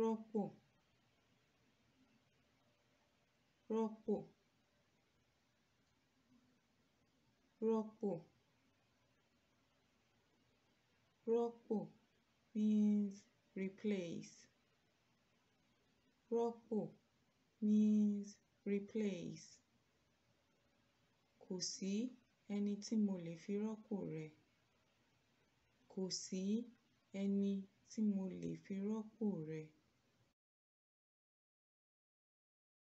rọ́pò rọ́pò rọ́pò rọ́pò means replace rọ́pò means replace kò sí ẹni tí mo lè fi rọ́pò rẹ̀ kò sí ẹni tí mo lè fi rọ́pò rẹ̀